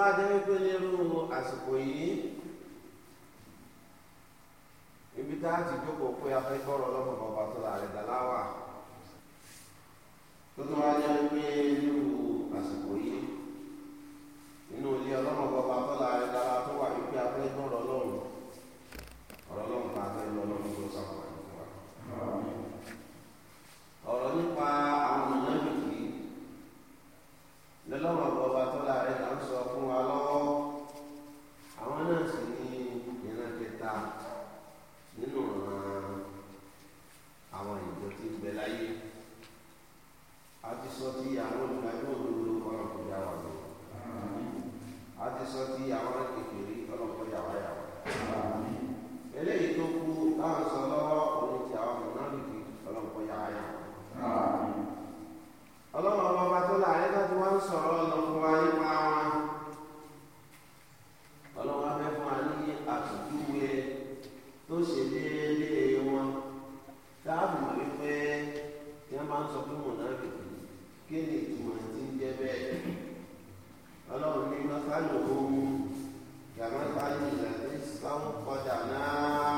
bá jẹ́ wípé nírú àsìkò yìí ibi tá a ti jókòó pé a fẹ́ gbọ́rọ̀ ọlọ́mọba ọba tó la rẹ̀ dá láwà tó tó wá jẹ́ wípé nírú àsìkò yìí nínú ilé ọlọ́mọba ọba tó la rẹ̀ dá láwà tó wà wípé a fẹ́ ọ̀rọ̀ ọlọ́run tá a lọ ọlọ́run tó sàkóso wa. ọlọ́run ní mọ́sálò ohun yàmọ́sálò ìlànà ìsìlámù kọjá náà.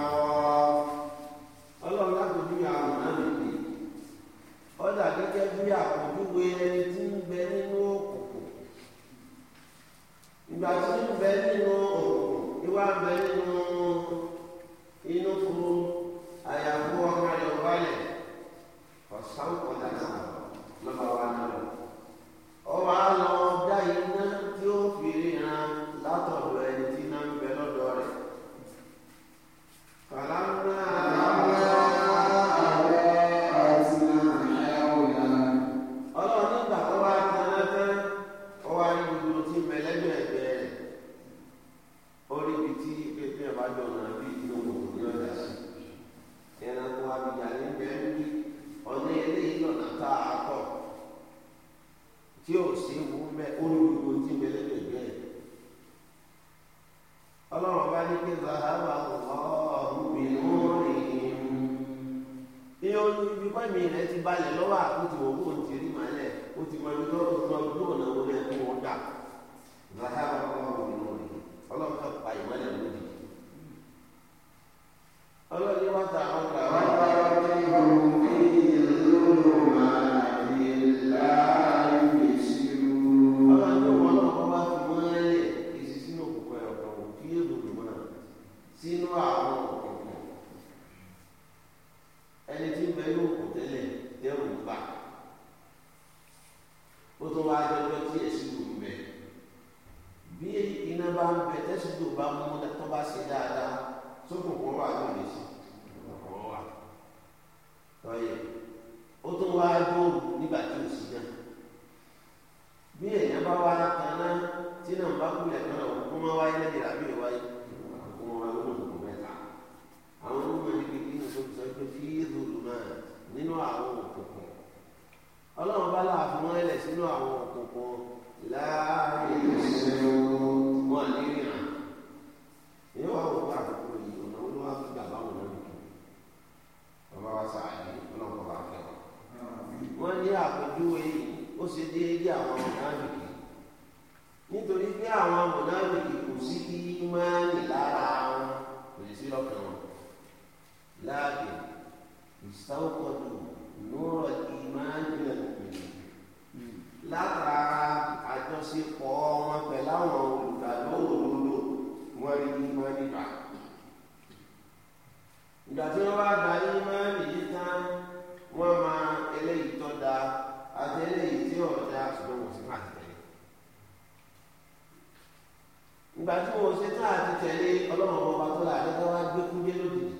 tẹ̀lé ọlọ́run ọba tó là nígbà wá gbé kúndé lójijì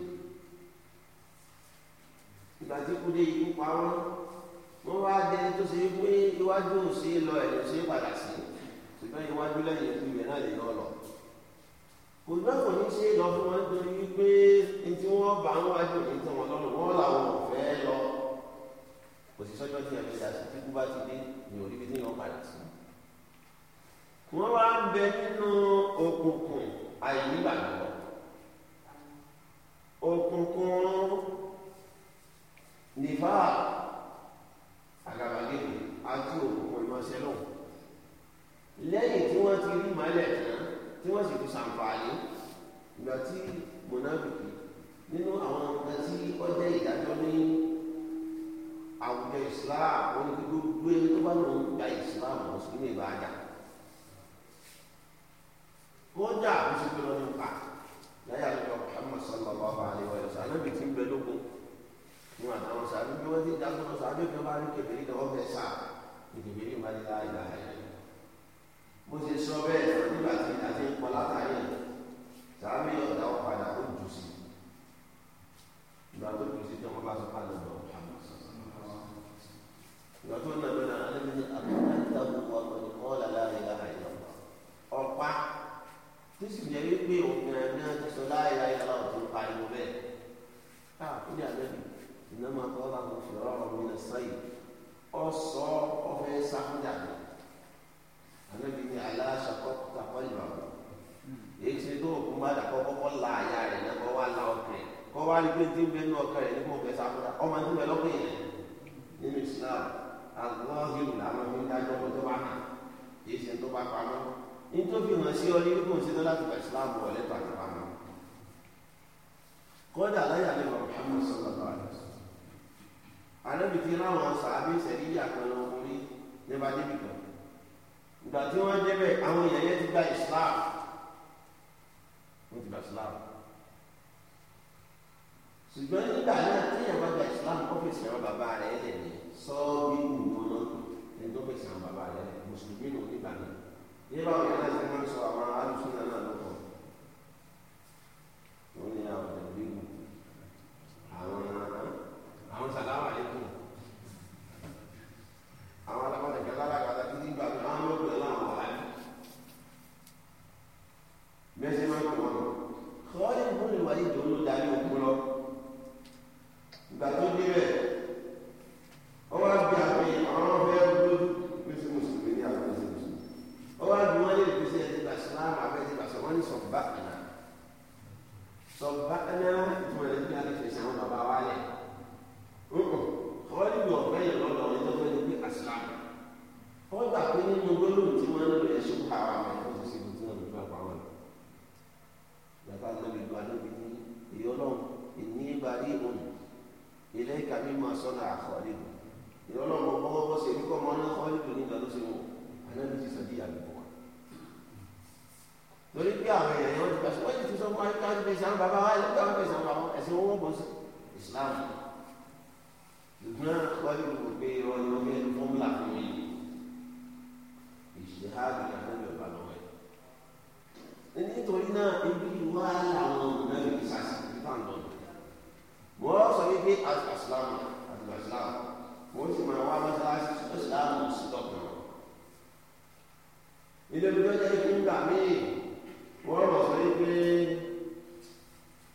ìgbà tí kúndé ikú pa wọn wọn wá dẹni tó ṣe pé iwájú ò sí lọ ẹ̀ ló ṣe padà sí ṣùgbọ́n iwájú lẹ́yìn ikú ìwé náà lè lọ lọ kò náà kò ní ṣe lọ fún wọn nítorí wípé ní tí wọ́n bá ń wájú ní tí wọ́n lọ́rùn wọ́n làwọn ò fẹ́ lọ kò sí sọ́jọ́ tí ẹ̀mí dàsí tí kú bá ti dé ní orí bí tí wọ́n padà sí. wọ́n wá ń bẹ nínú òkùnkùn àìnígbàgbọ́ òkùnkùn nìfà àgàbàgebè àti òkùnkùn ìmọ̀ọ́sẹ́ náà lẹ́yìn tí wọ́n ti rí mọ́lẹ̀ tán tí wọ́n sì fi ṣàǹfààní ìgbà tí mọ̀nàbìkì nínú àwọn nǹkan tí ọjọ́ ìdájọ́ ní àwùjọ ìsìláàmù ó ní gbogbo ẹni tó bá lòun gba ìsìláàmù mùsùlùmí ìbáàdà kódà ó ti pé lọ́dún pa láyé àlejò Muhammad sallallahu alayhi wa sallam anábì tí ń bẹ lógun ní àtàwọn sàbí bí wọ́n ti dágbọ́n lọ sàbí kan bá rí kẹfìrí kan wọ́n fẹ́ sà ìdìbò ní ìwádìí láyé láyé mo ti sọ bẹ́ẹ̀ nígbà tí àti ń pọ̀ látàrí ẹ̀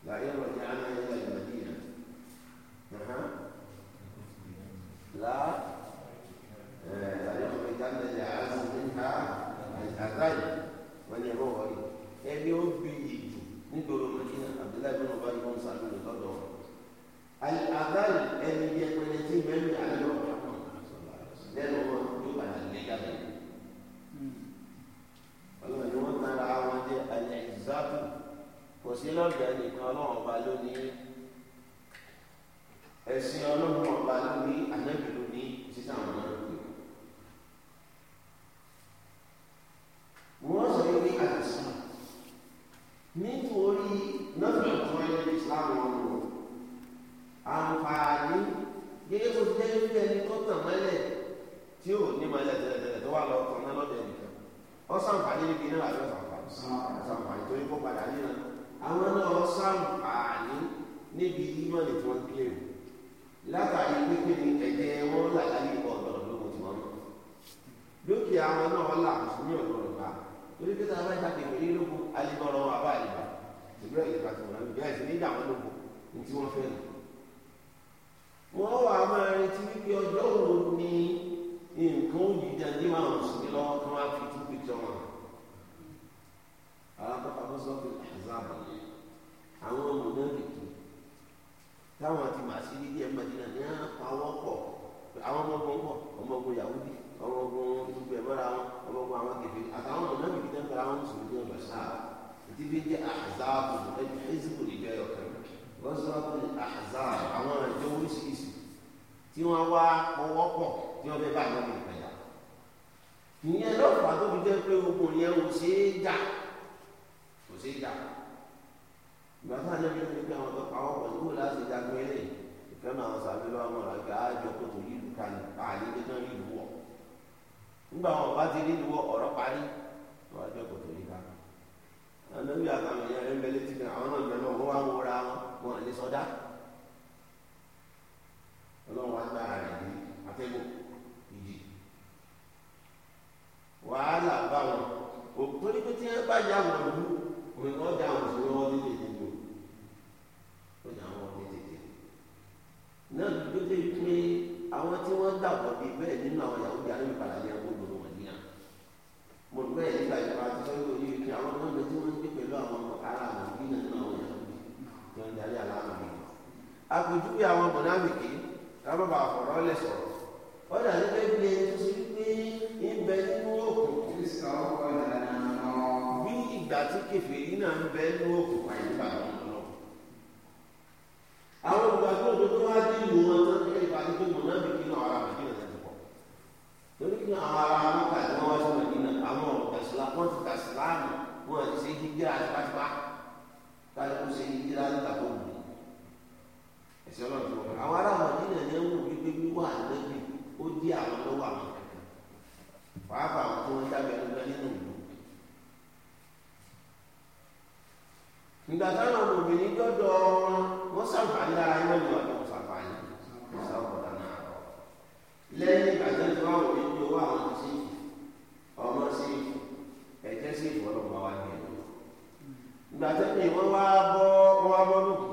La wọn kọ́ máa fi tú pìtọ́ wọn. àwọn akọ́kọ́ tó sọ pé àzáàbà àwọn ọmọ náà lè tó táwọn àti màsí ní ilé ẹgbẹ́ dínà ní àwọn pọ̀ àwọn ọmọọgbọ̀n pọ̀ ọmọọgbọ̀n Yahudi ọmọọgbọ̀n gbogbo ẹ̀ mọ́ra wọn ọmọọgbọ̀n àwọn kẹfẹ́ àtàwọn ọmọ náà kìí tẹ́lẹ̀ àwọn mùsùlùmí ní ọ̀gbà sáà ètí bí jẹ́ àzáàbù ẹni ẹ̀sìnkù lè jẹ́ ọ̀kan wọ́n sọ pé àzáàbù àwọn ẹ̀jẹ̀ oríṣiríṣi tí wọ́n wá ọwọ́ pọ̀ tí wọ́n fẹ́ bá àgbà ìyẹn lọ́fà tó fi jẹ́ pé ogun yẹn ò ṣe é jà kò ṣe é jà ìgbà tó àjọ bíi pé àwọn tó pa ọkọ̀ ìwò láti jagun ilé ìfẹ́ náà àwọn sàbí lọ́wọ́ ọmọ rẹ̀ gbà á jọ kótó yìlú kan àlè gbẹ́dán rí ìlú wọ̀ nígbà wọn bá ti rí wọ ọ̀rọ̀ parí wọ́n á jọ kótó yìí kan ànábì àtàwọn èèyàn rẹ̀ ń bẹ létí kan àwọn náà náà wọ́n wá wọra wọn lè sọdá ọlọ́run wá gbára rẹ̀ ní atẹ́gùn. wàhálà bá wọn òpin ní pé tí bá yà wọn lù òun ni wọn dá wọn sí wọn ní tètè lò ó wọn ní tètè náà ló dé pé àwọn tí wọn dàpọ̀ bíi bẹ́ẹ̀ nínú àwọn yahoo bí alẹ́ ìpàdé àti ẹ̀kọ́ lòun wọn níyà mo gbé ẹ̀ nígbà ìjọba àti sọ́yìn òní ìpín àwọn náà lè tí wọ́n ń gbé pẹ̀lú àwọn ará àwọn bí nínú àwọn yahoo bí wọ́n darí aláàmì mi. àpèjúwe àwọn mọ̀nàmìkì lábàbà àfọ̀rọ̀ lẹ̀ ibẹ nínú òkú. bí ìgbà tí kẹfìrí náà ń bẹ nínú òkú pàyẹ́ bàbá lọ. àwọn olùgbàgbọ́ òdodo wá dé ìlú wọn tán kí ẹ̀ka tó gbogbo náà bí kí náà ara àbí náà ti pọ̀. lórí kí náà àwọn ará mọ́ta tí wọ́n wá sí màdínà àwọn ọ̀dàṣìlá wọ́n ti dàṣìláàmù wọ́n ti ṣe jíjẹ́ àtìpátìpá kálukú ṣe jíjẹ́ látàkùn mi. ẹ̀sẹ̀ ọlọ́run àwọn ará màdínà ni wọ́n wù wípé wíwà àná ó dí àwọn lọ́wọ́ àwọn pàápàá tó ń dábẹ́ ẹgbẹ́ nínú ìlú. ìgbà táwọn obìnrin dọ́dọ̀ wọn sàǹfààní ara ẹgbẹ́ ìlú àtọ̀ sàǹfààní sàǹfààní náà lẹ́yìn ìgbà tó ń fi wọn òbí owó àwọn sí ọmọ sí ẹ̀jẹ̀ sí ìfọ̀lọ́gbọ̀n wa ní ìlú. ìgbà tó ń wá bọ́ wọn wá bọ́ lóko.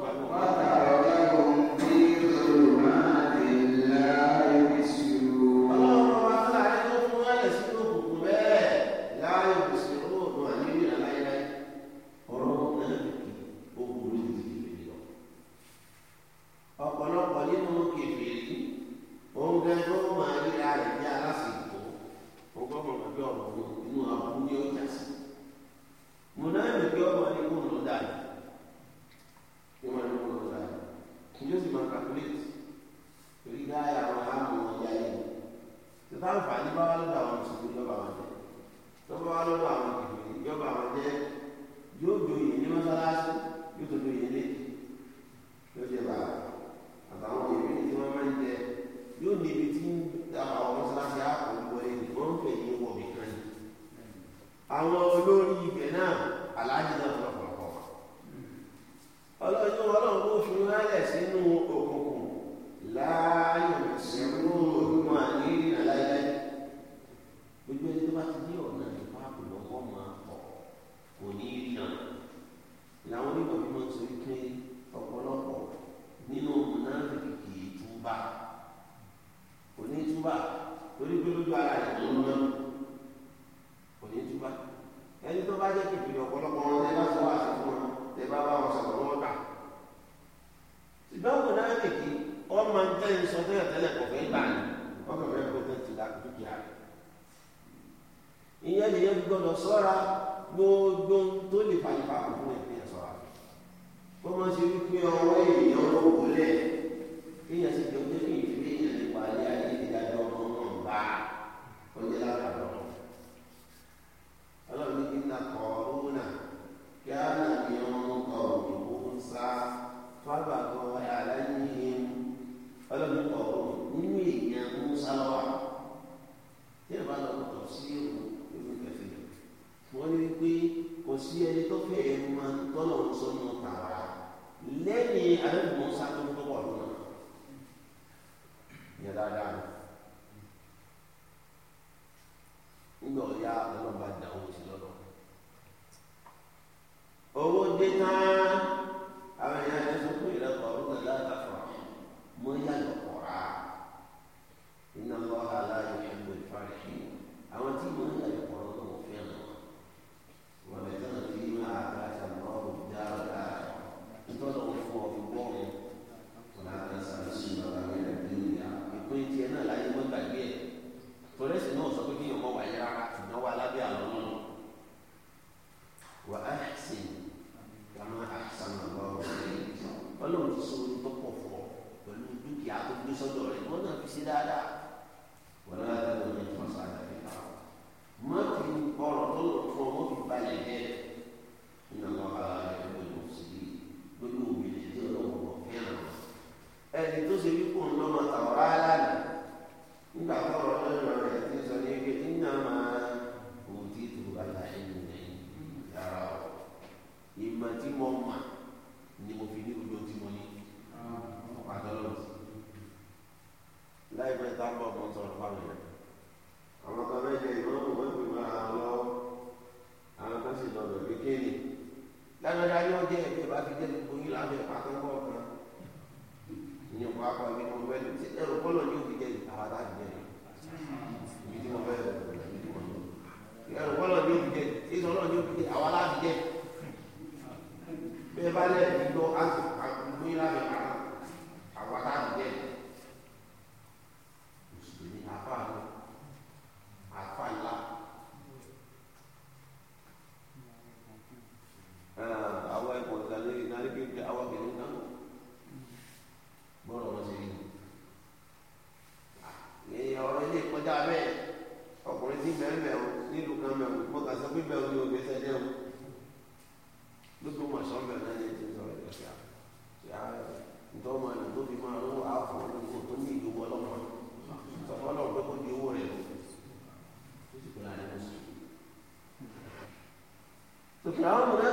Não, né?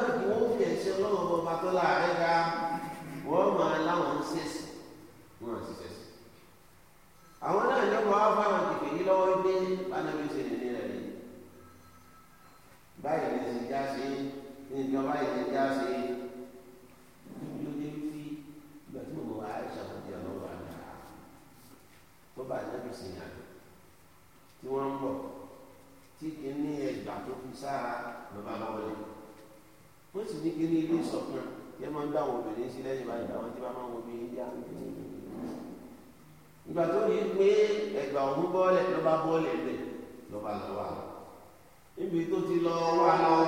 níbi tó ti lọ wá lọ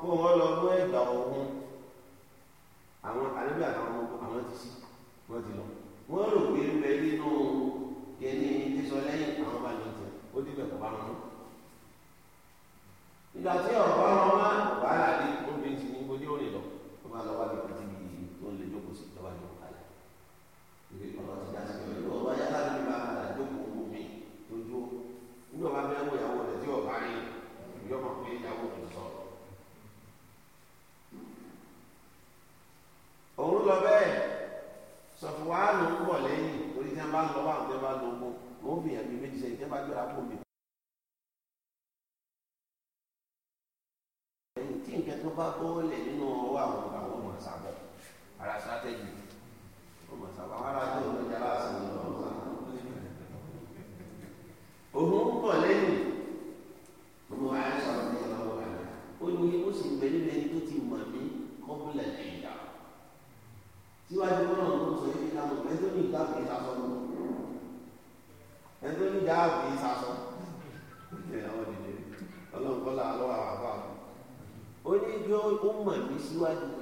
kó wọn lọ mú ẹgbà ọ̀hún àwọn àlébí àtàwọn ọmọ àwọn ti sí wọn ti lọ wọn rò pé ń bẹ nínú kẹni sísọ lẹ́yìn àwọn bá lọ tẹ ó dìbẹ̀ kọ́ bá wọn. ìgbà tí ọ̀rọ̀ bá wọn má wàhálà dé. Sọfúnwáàlù ń bọ̀ lẹ́yìn torí tí wọ́n bá ń lọ wà ní bá lọ mọ́ wọ́n fi hàn mí méjì sẹ́yìn tí wọ́n bá gbéra kó mi. Ẹ̀yìn tí nǹkan tó bá bọ́ lẹ̀ you and me.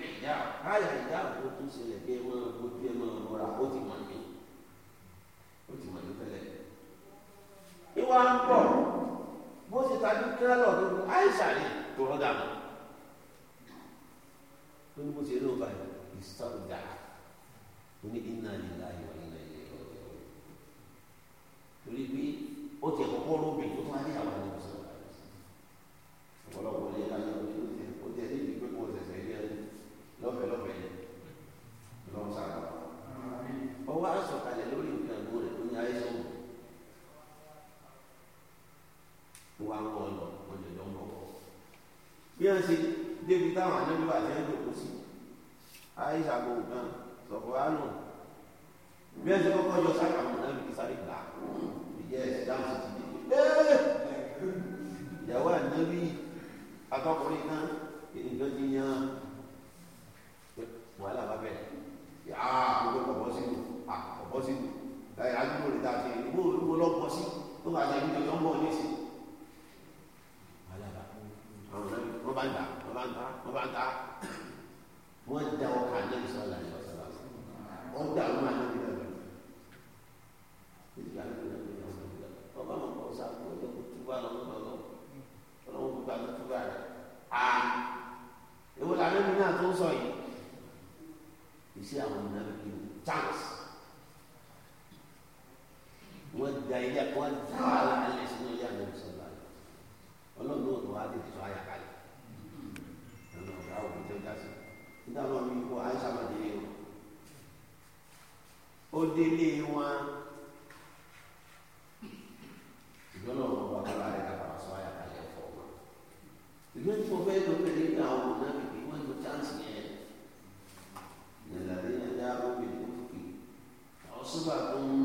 bí wọ́n ṣe débi táwọn anábíwá ti ń dòkó sí àìsà gbogbo kan sọ̀kọ̀ àánú bí wọ́n ṣe kọ́kọ́ yọ sáà àwọn anábíwá sáré gbà ìyẹ́ ẹ̀sìn dáhùn sí ti dé ìyàwó ànábì akọkùnrin kan ènìyàn ti yan wàhálà bá bẹ̀rẹ̀ yà á gbogbo ọ̀bọ̀ sínú ọ̀bọ̀ sínú àdúgbò rẹ̀ dáa ti ìgbò olóko sí tó bá jẹ́ ìgbìyànjú ọ̀bọ̀ ní ìsìn. wọ́n bá ń ta wọ́n bá ń ta wọ́n bá ń ta wọ́n da ọkà àdébí sọ̀rọ̀ àyè ọ̀sọ̀rọ̀ wọ́n da ọmọ àdébí náà lọ. ìgbà tó ń bá wọn bá wọn kọ sáfù ó yẹ kó túbà lọ́wọ́ lọ́wọ́ ọlọ́wọ́ gbogbo àti túbà rẹ̀ a èwo la àdébí náà tó ń sọ yìí ìṣe àwọn ìnáwó chance wọ́n da ilé wọ́n da wàhálà alẹ́ sínú ilé àdébí sọ̀rọ̀ àyè ọlọ́run náà tó ìyàwó betul tó já sí nígbà náà sama diri àyíṣà máa délé wọn ó délé wọn ìjọ náà wọn bá kọ́lá rẹ̀ ká bàbá sọ àyà kalẹ̀ fọ́ wọn ìgbẹ́ tí mo fẹ́ lọ pé ní àwọn ọmọ chance yẹn ìrìnàlẹ́ ìrìnàlẹ́ àwọn obìnrin kò fún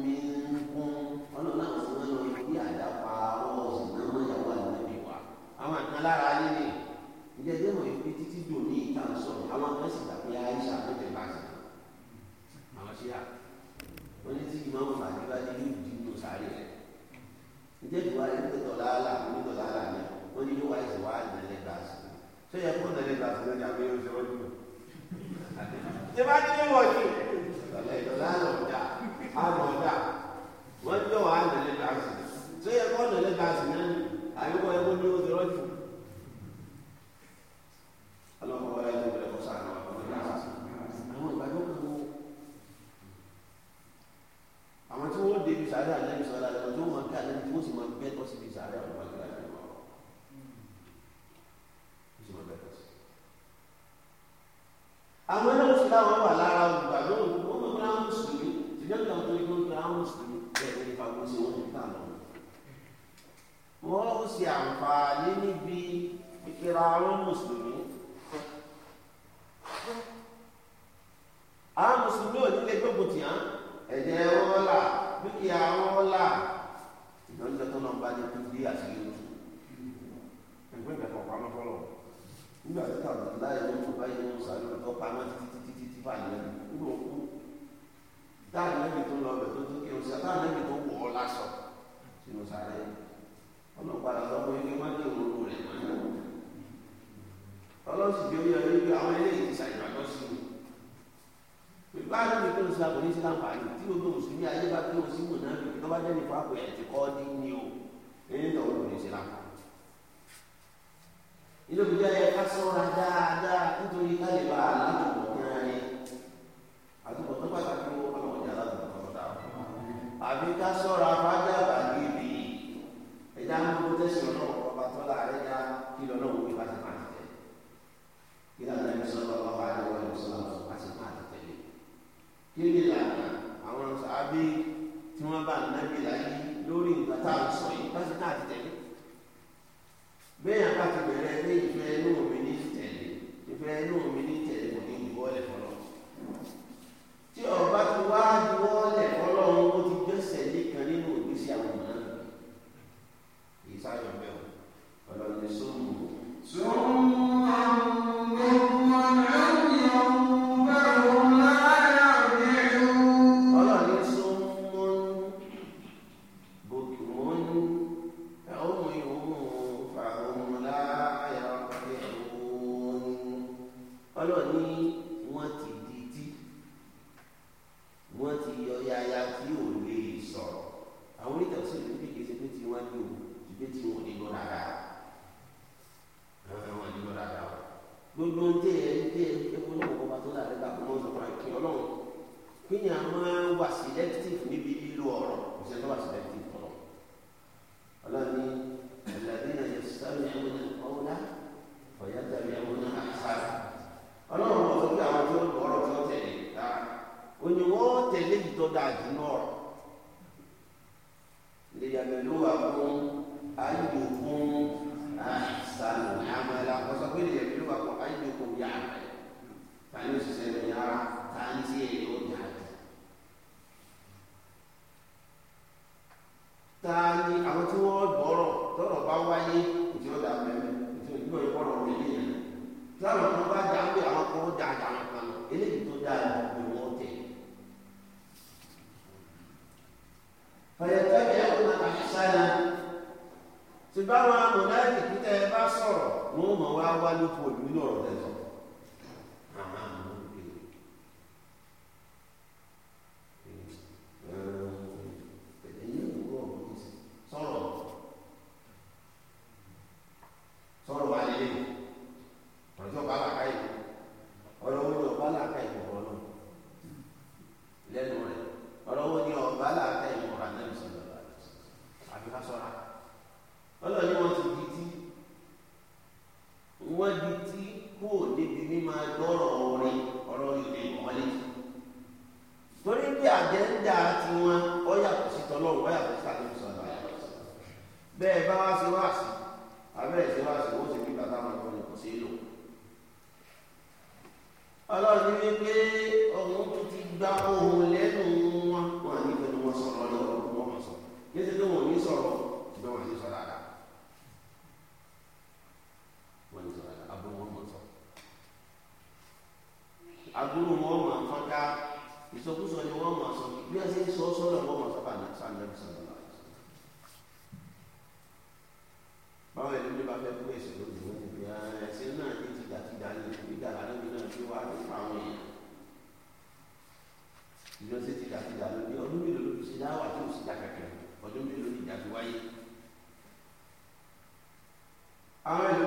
dókítà ọ̀dọ̀dá yìí ló ń bá yìí ló ń sàlù tó pamọ́ títí títí títí báyìí lẹ́nu nígbà òkú dáàbò lẹ́bi tó lọ bẹ̀ tó tó kí o sẹ́ dáàbò tó wọ̀ ọ́ lásọ sínú sàlẹ̀ ọlọ́pàá lọ pé kí wọ́n dé òru rẹ̀ ọlọ́sì bí ó yẹ àwọn eléyìí ti ṣàyẹ̀wò sí mi pípa lórí tó ń sọ àpò ní sí láǹfààní tí o tó mùsùlùmí ayé bá tó o sí mùnà tó ilé ìgbìjọ yẹ ká sọ́ra dáadáa nítorí kálíbà látòkò kúnra ni àtòkò tó pàtàkì ó ọlọ́run jà látòkò tó ta àbí ká sọ́ra fájà bàgìbì ẹ̀já ń kó tẹ̀sí ọlọ́run ọba tó láàrin já kí lọ́lọ́run wí pàṣẹ pàṣẹ tẹ̀ kí lọ́lọ́run yẹn sọ́ra ọba àdéhùn ọ̀rẹ́ ìṣọ́ra pàṣẹ pàṣẹ tẹ̀lé kí ni lànà àwọn sàábì tí wọ́n bá nàbì láyé lórí ìgbà táwọn sọ yìí bẹ́ẹ̀ bá ti bẹ̀rẹ̀ pé ìfẹ́ inú mi ní tẹ̀lé ìfẹ́ inú mi ní tẹ̀lé kò ní ìwọ́lẹ̀ fọlọ́ tí ọba ti wá ìwọ́lẹ̀ fọlọ́ ó ti gbẹ́sẹ̀ nìkan nínú ìgbésí àwọn ọ̀nà ìsáyọ̀ bẹ́ẹ̀ ọlọ́ni sóhùn. sóhùn.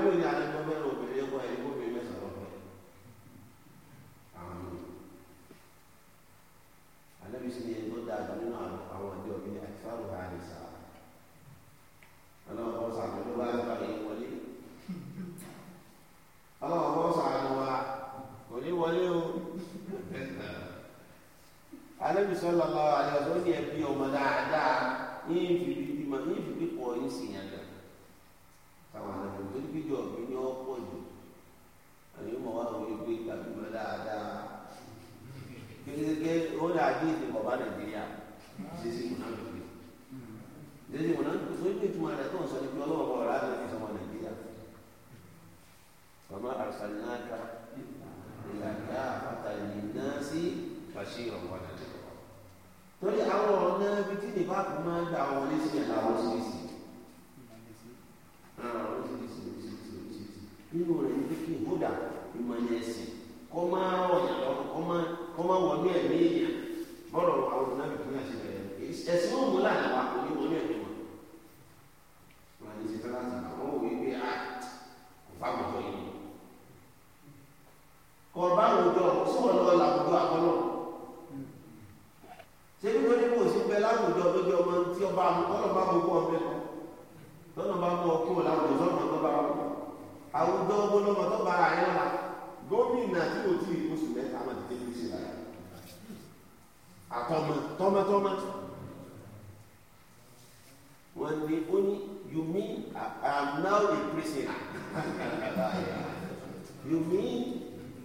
n g ư tí ọba àwọn gbogbo ọbẹ̀ lọ tọ́lọ̀ mú ọkú làwọn ìjọba tó bá wọn àwùjọ gbólọ́mọ tó bára ẹ̀ gómìnà tí o ti oṣù mẹ́ta máa ti tẹ́lẹ̀ ṣe lára àtọmọ tọmọtọmọ wọn ni ó ní you mean I am now a prisoner you mean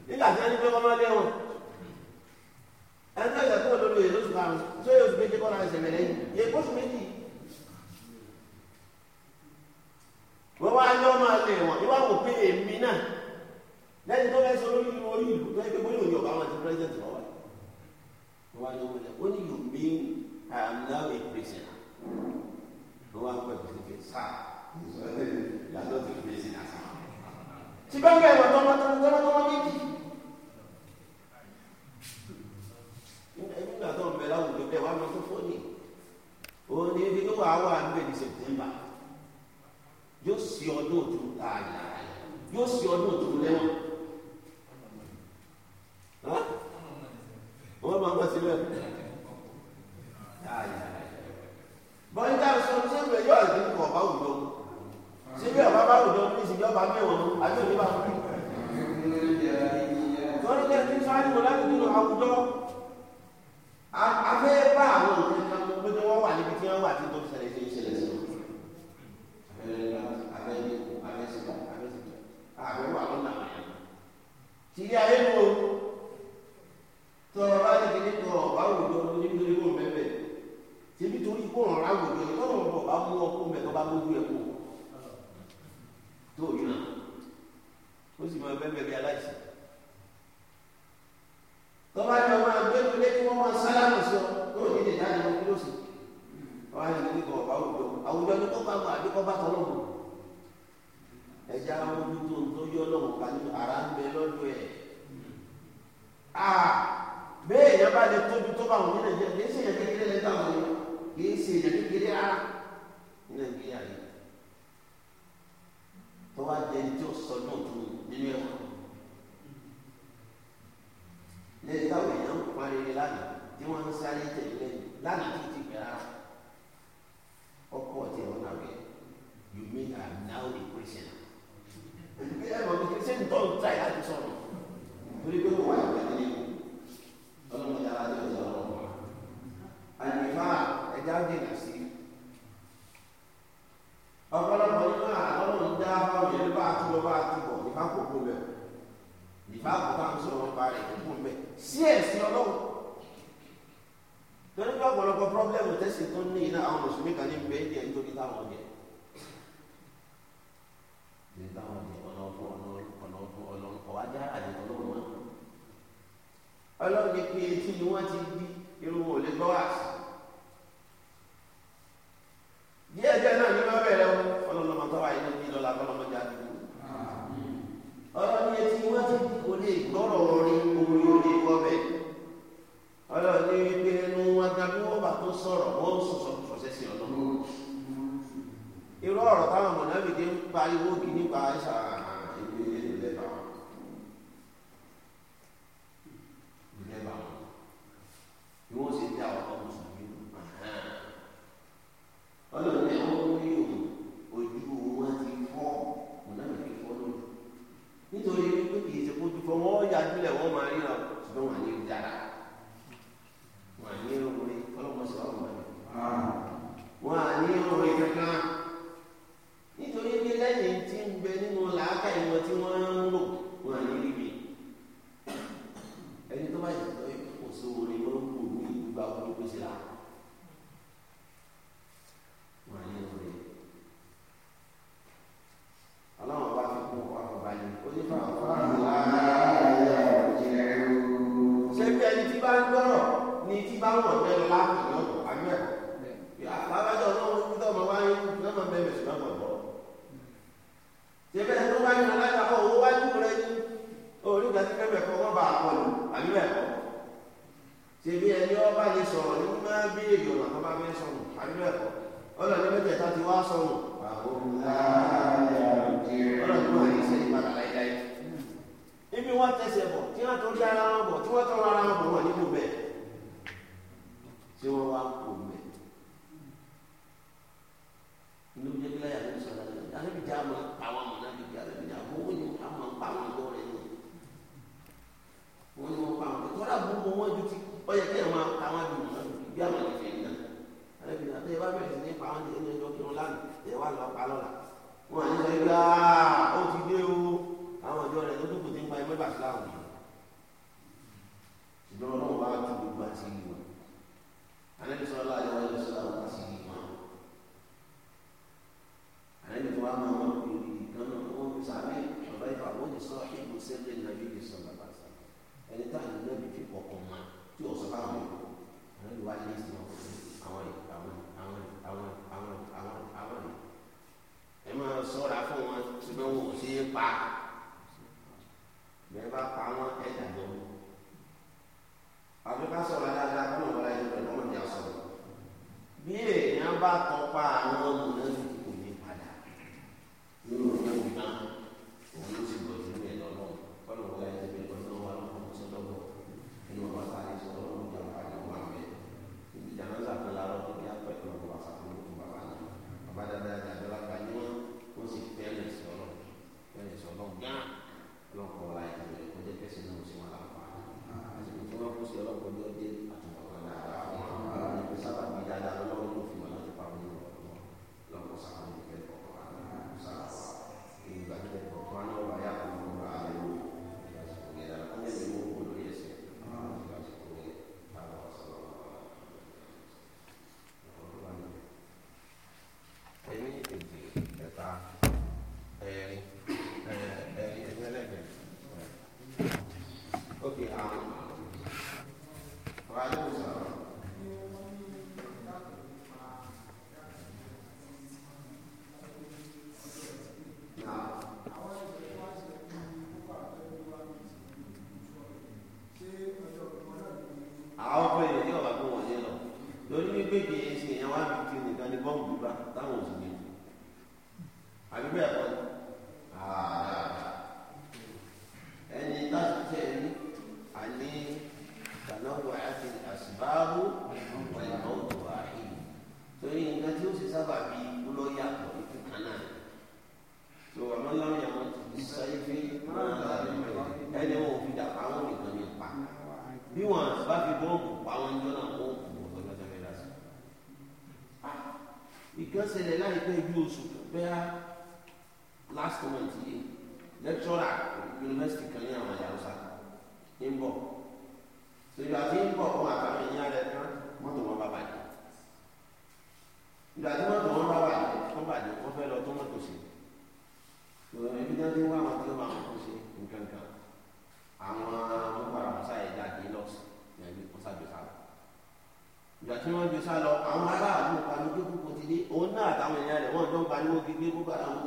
nígbà tí wọn ní pé wọn máa lé wọn ẹgbẹ́ ìgbà tó wọn lórí èyí lóṣù márùn-ún tó yóò gbé dẹ́kọ́ náà ṣẹlẹ̀ lẹ́yìn yẹ kóṣù méjì. wọ́n wá ní ọmọ alẹ́ wọn ìwà wò pé èmi náà lẹ́yìn tó fẹ́ sọ lórí ìlú orí ìlú tó yẹ pé bóyá òyìnbó àwọn I am now a prisoner. wọ́n wá nígbà tó ń bẹ láwùjọ bẹ́ẹ̀ wá lọ tó fóònì òun ni ibi tó wà á wà níbẹ̀ ní sèptémbà yóò sí ọdún òtún ààyè yóò sí ọdún òtún lẹ́wọ̀n wọ́n máa ń bọ̀ síbẹ̀ ààyè bọ́lí táwọn sọ ní sẹ́yìn rẹ̀ yóò àti ní kọ̀ọ̀bá òjò síbẹ̀ ọ̀bá bá òjò ní ìsìnkú ọba mẹ́wọ̀n àti òjò bá wọ́n. tọ́lí tẹ̀sí sáájú wọn láti nínú àwùjọ bá àwọn nǹkan kan mú pé wọ́n wà níbi tí wọ́n wà tí tó fi ṣẹlẹ̀ sí ìṣẹ̀lẹ̀ sí. Tìrí ayé ló tọ́ ọba ní kíní kan ọba àwùjọ nítorí wọn bẹ́ẹ̀ tèmi torí kó ọ̀rọ̀ àwùjọ tọ́lọ̀ ọ̀rọ̀ bá mú ọkùnrin mẹ́tọ́ bá gbójú ẹ̀ kó tó yìí náà ó sì máa bẹ́ẹ̀ bẹ́ẹ̀ bí aláìsàn tọ́ba ní ọmọ àgbẹ̀dùn lé kí wọ́n máa sálámù sí ọ yóò dídè jáde lọ kí ló sì ọ̀hán yìí ní kọ̀ àwùjọ àwùjọ ní tó bá mọ àbí kọ́ bá tọ́ lọ́wọ́ ẹja ojú tó ń tó yọ lọ́wọ́ ká ní ara ń bẹ lọ́dọ̀ ẹ̀ a bẹ́ẹ̀ yẹn bá lè tóbi tó bá wọn ní nàìjíríà kì í ṣe yẹn kékeré lẹ́dá wọn ni kì í ṣe yẹn kékeré ara ní nàìjíríà yìí tó wá jẹ ní tí ó sọdún tó nínú ẹ̀kọ́ lẹ́yìn táwọn èèyàn ń parí lánàá ni wọ́n ń sáré tẹ̀lé lẹ́yìn lánàá tó ti pẹ́ rárá ọkọ̀ ọ̀tí ẹ̀rọ náà rẹ̀ you mean I'm now a Christian ẹ ẹ mọ̀ kí ṣé ń tọ́ ń tà yá ti sọ̀rọ̀ torí pé wọ́n wà ní ẹ̀yìn ọlọ́mọdé alájọ́ ìjọba ọ̀rọ̀ àyè máa ẹja dènà sí àwọn mùsùlùmí kan ní bẹ́ẹ̀ jẹ́ nítorí táwọn jẹ́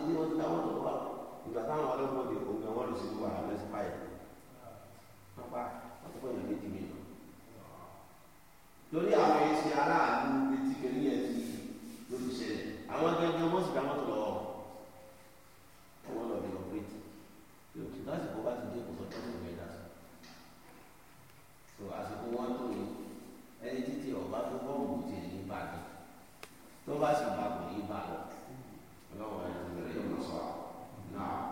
ní wọ́n ti dá wọ́n tó wà ìgbà táwọn ọlọ́pàá ti kó gan wọ́n lọ sí ìlú wàhálà sí báyìí pápá wọ́n ti pọ̀yàn méjì mi lọ. lórí àwọn ẹ̀sìn aráàlú etí kẹ́lí ẹ̀ ti lórí ṣẹlẹ̀ àwọn gẹ́gẹ́ wọ́n sì dá tó lọ ẹ̀wọ́n lọ bí ọ̀pẹ́tì lókè lásìkò bá ti dé kò sọ́kọ́ tó gbẹ̀dá so àsìkò wọn tó yẹ ẹni títí ọba tó bọ́ọ̀mù tiẹ̀ ní bàgẹ́ tó bá sì bàgẹ́ ní bàgẹ́ نوع من النصارى نعم